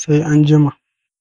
sai an jima